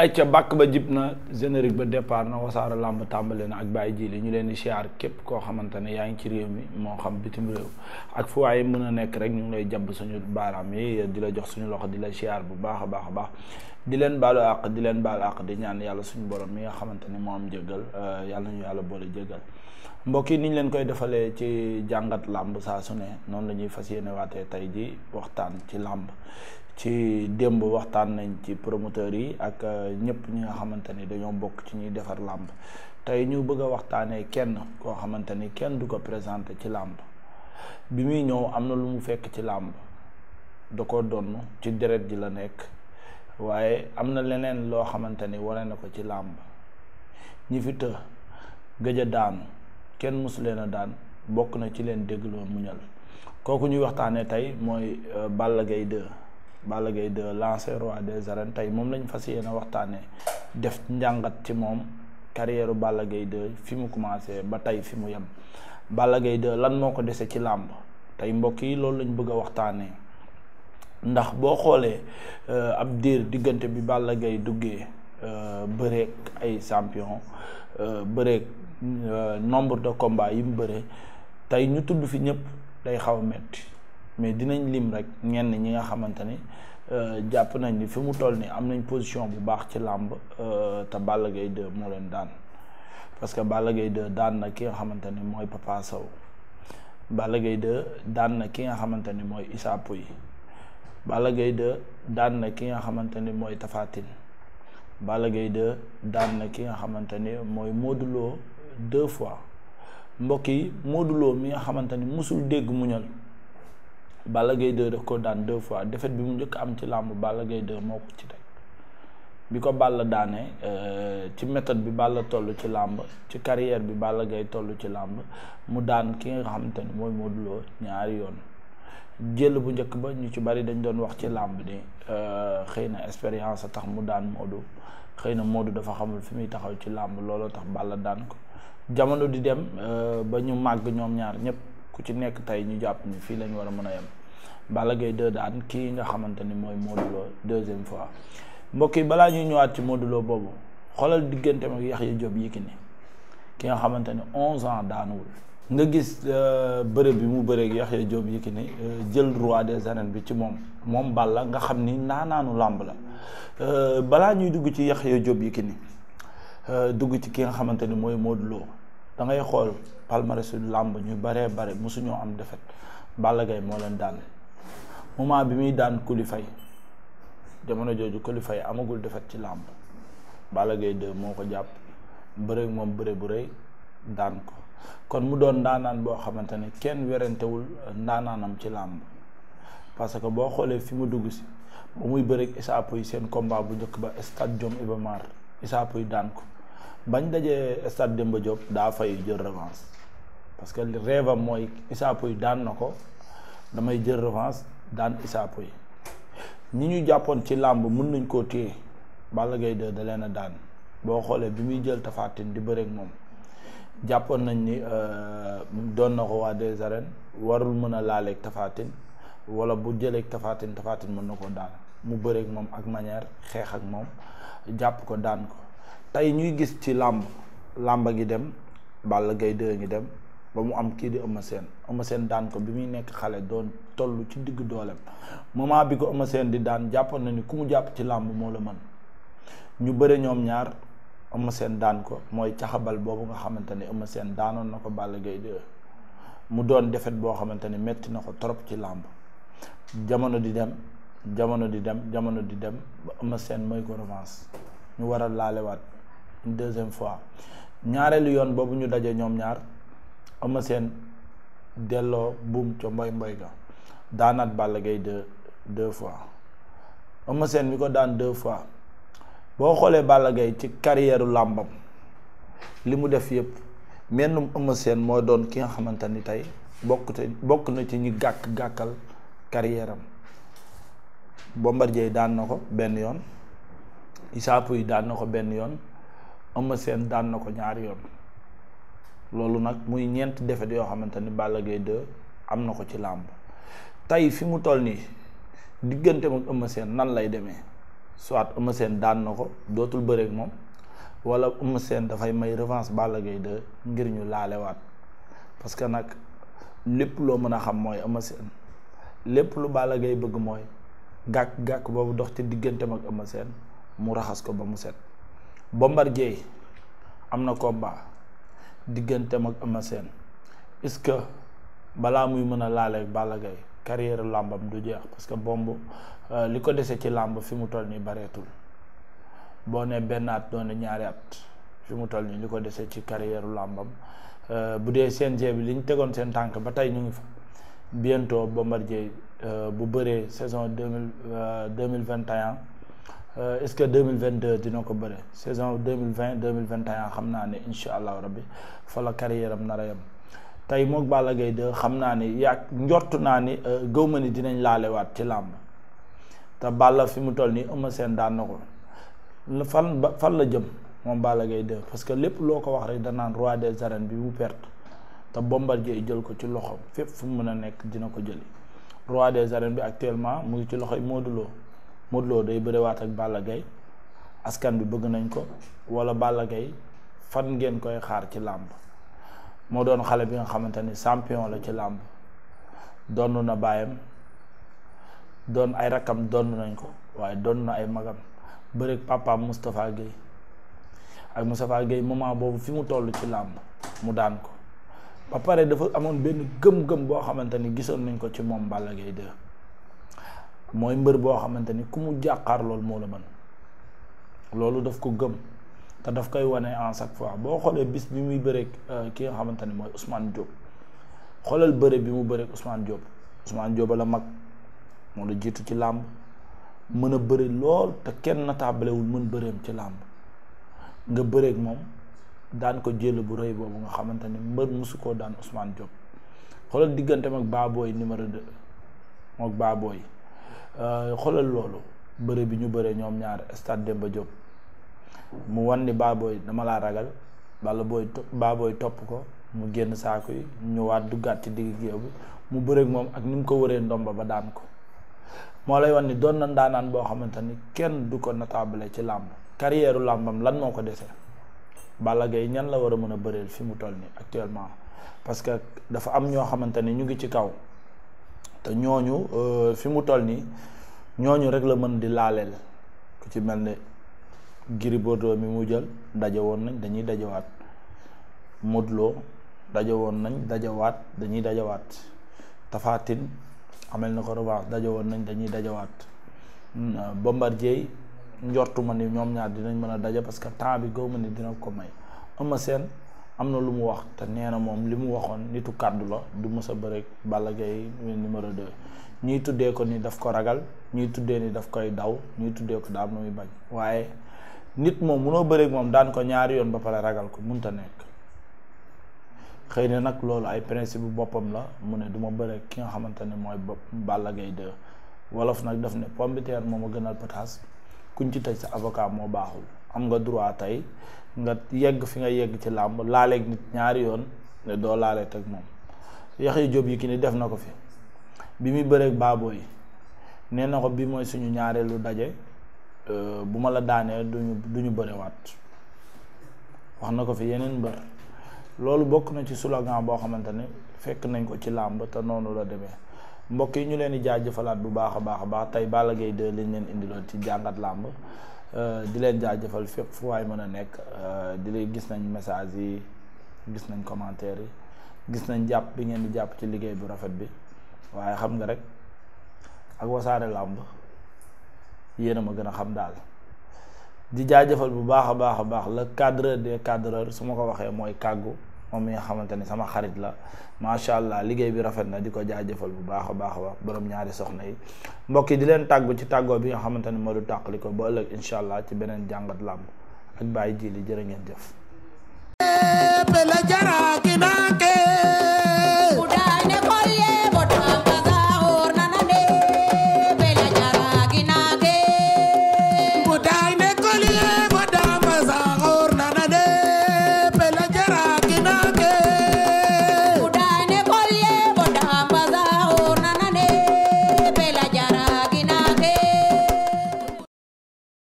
ayca bàkk ba jib na générique ba départ na wasaara làmb tàmbale na ak bàyyi jii li ñu leen di siyaar képp koo xamante ne yaa ngi ci réew mi moo xam bitim réew ak fu waaye mën a nekk rek ñu ngi lay jàpp suñu baaraam yi di la jox suñu loxo di la siyaar bu baax a baax a baax di leen baalu àq di leen baalu àq di ñaan yàlla suñu borom mi nga xamante ne moo am jéggal euh, yàlla nañu yàlla boole jéggal mbokk yi ni ñu leen koy defalee ci jàngat làmb saa su ne noonu la ñuy fas yéene waatee tey ji waxtaan ci làmb ci démb waxtaan nañ ci promoteurs yi ak euh, ñëpp ñi nga xamante ni dañoo bokk ci ñuy defar làmb tey ñu bëgg a waxtaanee kenn koo xamante ni kenn du ko présenté ci làmb bi muy ñëw am na lu mu fekk ci làmb da ko donn ci deret ji la nekk waaye am na leneen loo xamante ni wane na ko ci làmb ñi fi të gëj a daanu kenn mosu leen a daan bokk na ci leen déggloo muñal kooku ñuy waxtaanee tey mooy euh, Balla Gaye 2 Balla Gaye 2 l'ancien roi des arènes tey moom lañ fas yéene waxtaanee def njàngat ci moom carrière Balla Gaye 2 fi mu commencé ba tey fi mu yem Balla Gaye 2 lan moo ko desee ci làmb tey mbokk yi loolu lañu bëgg a waxtaanee ndax boo xoolee euh, ab diir diggante bi Balla gay duggee euh, bëreek ay champion euh, bëreek nombre de combats yi mu bëree tey ñu tudd fi ñëpp day xaw a metti mais dinañ lim rek ñenn ñi nga xamante ni euh, jàpp nañ ni fi mu toll nii am nañ position bu baax ci làmb euh, te Balla Gaye 2 moo leen daan parce que Balla Gaye 2 na ki nga xamante ni mooy Papa Sow Balla Gaye 2 daan na ki nga xamante ni mooy Issa Pouye Balla Gaye 2 daan na ki nga xamante ni mooy Tapha Tine Balla Gaye 2 na ki nga xamante ni mooy Modou Lo deux fois mbokk yi Modou mi nga xamante ni musul dégg muñal Balla Gaye 2 daf ko daan deux fois défaite bi mu njëkk am ci làmb Balla gay 2 moo ci teg bi ko Balla daanee euh, ci méthode bi Balla toll ci làmb ci carrière bi Balla gay toll ci làmb mu daan ki nga xamante ni mooy Modou ñaari yoon jël bu njëkk ba ñu ci bari dañ doon wax ci làmb ni euh, xëy na expérience a tax mu daan Modou xëy na Modou dafa xamul fi muy taxaw ci làmb looloo tax bàll daan ko jamono di dem euh, ba ñu màgg ñoom ñaar ñëpp. ku ci nekk tey ñu jàpp ni fii lañ war a mën a yem Balla Gaye 2 daan kii nga xamante ni mooy Modou Lo deuxième fois mbokk yi balaa ñuy ñëwaat ci Modou boobu xoolal diggante mag Yaxya Jóob Yékini ki nga xamante ni onze ans daanuwul nga gis euh, bërëb bi mu bëreeg Yaxya Jóob Yékini euh, jël roi des arènes bi ci moom moom Balla nga xam ni naanaanu làmb la euh, balaa ñuy dugg ci Yaxya Jóob Yékini dugg ci ki nga xamante ni mooy Modou da ngay xool palmarèsu làmb ñu baree bare mosuñoo am defet Balla Gaye moo leen daan moment bi muy daan Coly jamono jooju Coly Faye amagul defet ci làmb Balla Gaye 2 moo ko jàpp bëre moom bëre bu rëy daan ko kon mu doon ndaanaan boo xamante ne kenn werantewul ndaanaanam ci làmb parce que boo xoolee fi mu dugg si ba muy bëreeg Issa Pouye seen combat bu njëkk ba stade Jom Iba Mar Issa Pouye daan ko bañ dajee stade Demba Diop daa fay jël revanche parce que rêve am mooy Issa yi daan na ko damay jël revanche daan Issa Pouye ñi ñu jàppoon ci làmb mën nañ koo téye Balla Gaye 2 da leen a daan boo xoolee bi muy jël Tapha di bëreek moom jàppoon nañ ni euh, doon na ko waa des arènes warul mën a laaleeg Tapha Tine wala bu jëleeg Tapha Tine mën na koo daan mu bëreek moom ak manière xeex ak moom jàpp ko daan ko tey ñuy gis ci làmb làmba ngi dem Balla Gaye 2 ngi dem ba mu am kii di Eumeu seen Eumeu seen daan ko bi muy nekk xale doon tollu ci digg dooleem moment bi ko Eumeu seen di daan jàppoon na ni ku mu jàpp ci làmb moo la mën ñu bëre ñoom ñaar Eumeu Sène daan ko mooy caxabal boobu nga xamante ne Eumeu Sène daanoon na ko Balla Gaye 2 mu doon defet boo xamante ni metti na ko trop ci làmb jamono di dem jamono di dem jamono di dem ba Eumeu seen mooy ko revanche ñu war a laalewaat une deuxième fois ñaareelu yoon boobu ñu daje ñoom ñaar Eumeu Sène delloo buum ca mboy mboy ga daanaat Balla Gaye deux deux fois Eumeu Sène mi ko daan deux fois boo xoolee Balla Gaye ci carrière làmbam li mu def yépp mennum Eumeu Sène moo doon ki nga xamante ni tey bokkute bokk na ci ñi gàkk gàkkal carrière am Bombardier daan na ko benn yoon Issa yi daan na ko benn yoon Eumeu Sène daan na ko ñaari yoon loolu nag muy ñeent défaite yoo xamante ni Balla Gaye 2 am na ko ci làmb tey fi mu toll nii diggante ak Eumeu Sène nan lay demee soit Eumeu Sène daan na ko dootul bëreek moom wala Eumeu Sène dafay may revanche Balla Gaye 2 ngir ñu laalewaat parce que nag lépp loo mën a xam mooy Eumeu Sène lépp lu Balla Gaye bëgg mooy gàkk gàkk boobu dox te diggante ak Eumeu Sène mu raxas ko ba mu set. Bombardier am na combat digganteem ak Eumeu Sène est-ce que balaa muy mën a laaleeg Balla Gaye carrière làmbam du jeex parce que bomb euh, li ko dese ci làmb fi mu toll nii bareetul boo ne benn at doone ñaari at fi mu toll nii li ko dese ci carrière làmbam euh, bu dee seen g bi li ñu tegoon seen tànk ba tey ñu ngi fa bientôt Bombardier euh, bu bëree saison deux mille deux mille vingt et un Euh, est ce que deux mille vingt deux dina ko bëre saison deux mille vingt deux mille vingt xam naa ne incha allahu rabbi fa la carrière am nar a yem tey moog Balla Gaye 2 xam naa ni yaa njort naa ni euh, gëw ma ni dinañ laalewaat ci làmb te Balla fi mu toll nii Eumeu Sène daan na ko fan ba fan la jëm moom Balla Gaye 2 parce que lépp loo ko wax rek danaan roi des arènes bi mu perte te Bombardier jël ko ci loxoom fépp fu mu mën a nekk dina ko jëli roi des arènes bi actuellement mu ngi ci loxoy Modou Lo Modou Lo day bëriwaat ak Balla Gaye askan bi bëgg nañ ko wala Balla Gaye fan ngeen koy xaar ci làmb moo doon xale bi nga xamante ni champion la ci làmb donn na baayam doon ay rakkam donn nañ ko waaye donn na ay magam bëreeg papaam Moustapha Guèye ak Moustapha Guèye moment boobu fi mu toll ci làmb mu daan ko ba pare dafa amoon benn gëm-gëm boo xamante ni gisoon nañ ko ci moom Balla Gaye 2 mooy mbër boo xamante ni ku mu jàqaar loolu moo la mën loolu daf ko gëm te daf koy wane en chaque fois boo xoolee bis bi muy bëreek euh, ki nga xamante ni mooy Ousmane Diop xoolal bëre bi mu bëreeg Ousmane Diop Ousmane Diop la mag moo la jiitu ci làmb mën a bëri lool te kenn nataabalewul mën bëreem ci làmb nga bëreeg moom daan ko jël bu rëy boobu nga xamante ni mbër musu koo daan Ousmane Diop xoolal diggante mag baabooy numéro 2 mook Baboy. Euh, xoolal loolu bëre bi ñu bëre ñoom ñaar stade Demba Diop mu wan ni baabooy dama laa ragal bala booy baabooy topp ko mu génn saako yi ñëwaat duggaat ci digg géew mu bëreeg moom ak ni mu ko wëree ndomba ba daan ko moo lay wan ni doon na ndaanaan boo xamante ni kenn du ko natable ci làmb carrière làmbam lan moo ko dese Balla Gaye ñan la war a mën a bëreel fi mu toll nii actuellement parce que dafa am ñoo xamante ni ñu ngi ci kaw te ñooñu euh, fi mu toll nii ñooñu rek la mën di laaleel ku ci mel ne giri Bordeaux mi mu jël daje woon nañ dañuy dajawaat Modou Lo daje woon nañ dajawaat dañuy dajawaat Tapha Tine amel na ko revanche daje woon nañ dañuy dajawaat mm, euh, Bombardier njortu ma ni ñoom ñaar dinañ mën a daje parce que temps bi gaw ma ni dina ko may Eumeu am na lu mu wax te nee na moom li mu waxoon nitu kàddu la du mës a bëre Balla Gaye numéro 2 ñuy tuddee ko ni daf ko ragal ñuy tuddee ni daf koy daw ñuy tuddee ko daa am muy bañ waaye nit moom munoo bëre moom daan ko ñaari yoon ba pare ragal ko munta nekk xëy na nag loolu ay principe bu boppam la mu ne duma ma ki nga xamante ne mooy Balla Gaye 2 wolof nag daf ne pomme de terre moom a gënal pataas kuñ ci tëj sa avocat moo baaxul am nga droit tey nga yegg fi nga yegg ci làmb laaleeg nit ñaari yoon ne doo laale teg moom Yaxya Jóob Yékini def na ko fi bi muy bëreeg baaboo yi nee na ko bi mooy suñu ñaareelu daje euh, bu ma la daanee duñu duñu bërewaat wax na ko fi yeneen mbër loolu bokk na ci slogan boo xamante ne fekk nañ ko ci làmb te noonu la demee mbokk yi ñu leen di jaajëfalaat bu baax a baax a baax tey Balla Gaye 2 lañ leen indiloon ci jàngat làmb Euh, di leen jaajëfal fépp fu waay mën a nekk euh, di leen gis nañ message yi gis nañ commentaire yi gis nañ jàpp bi ngeen jàpp ci liggéey bu rafet bi waaye xam nga rek ak wasaare làmb yéen a ma gën a xam daal di jaajëfal bu baax a baax a baax la cadreur des cadreurs su ma ko waxee mooy kàggu moom mi nga xamante ne sama xarit la macha allah liggéey bi rafet na di ko jëfal bu baax a baax a baax borom ñaari soxna yi mbokk yi di leen tàggu ci tàggoo bi nga xamante ne moo du tàqali ko ba ëllëg incha allah ci beneen jàngat làmb ak bàyyi ji li jërë ngeen jëf.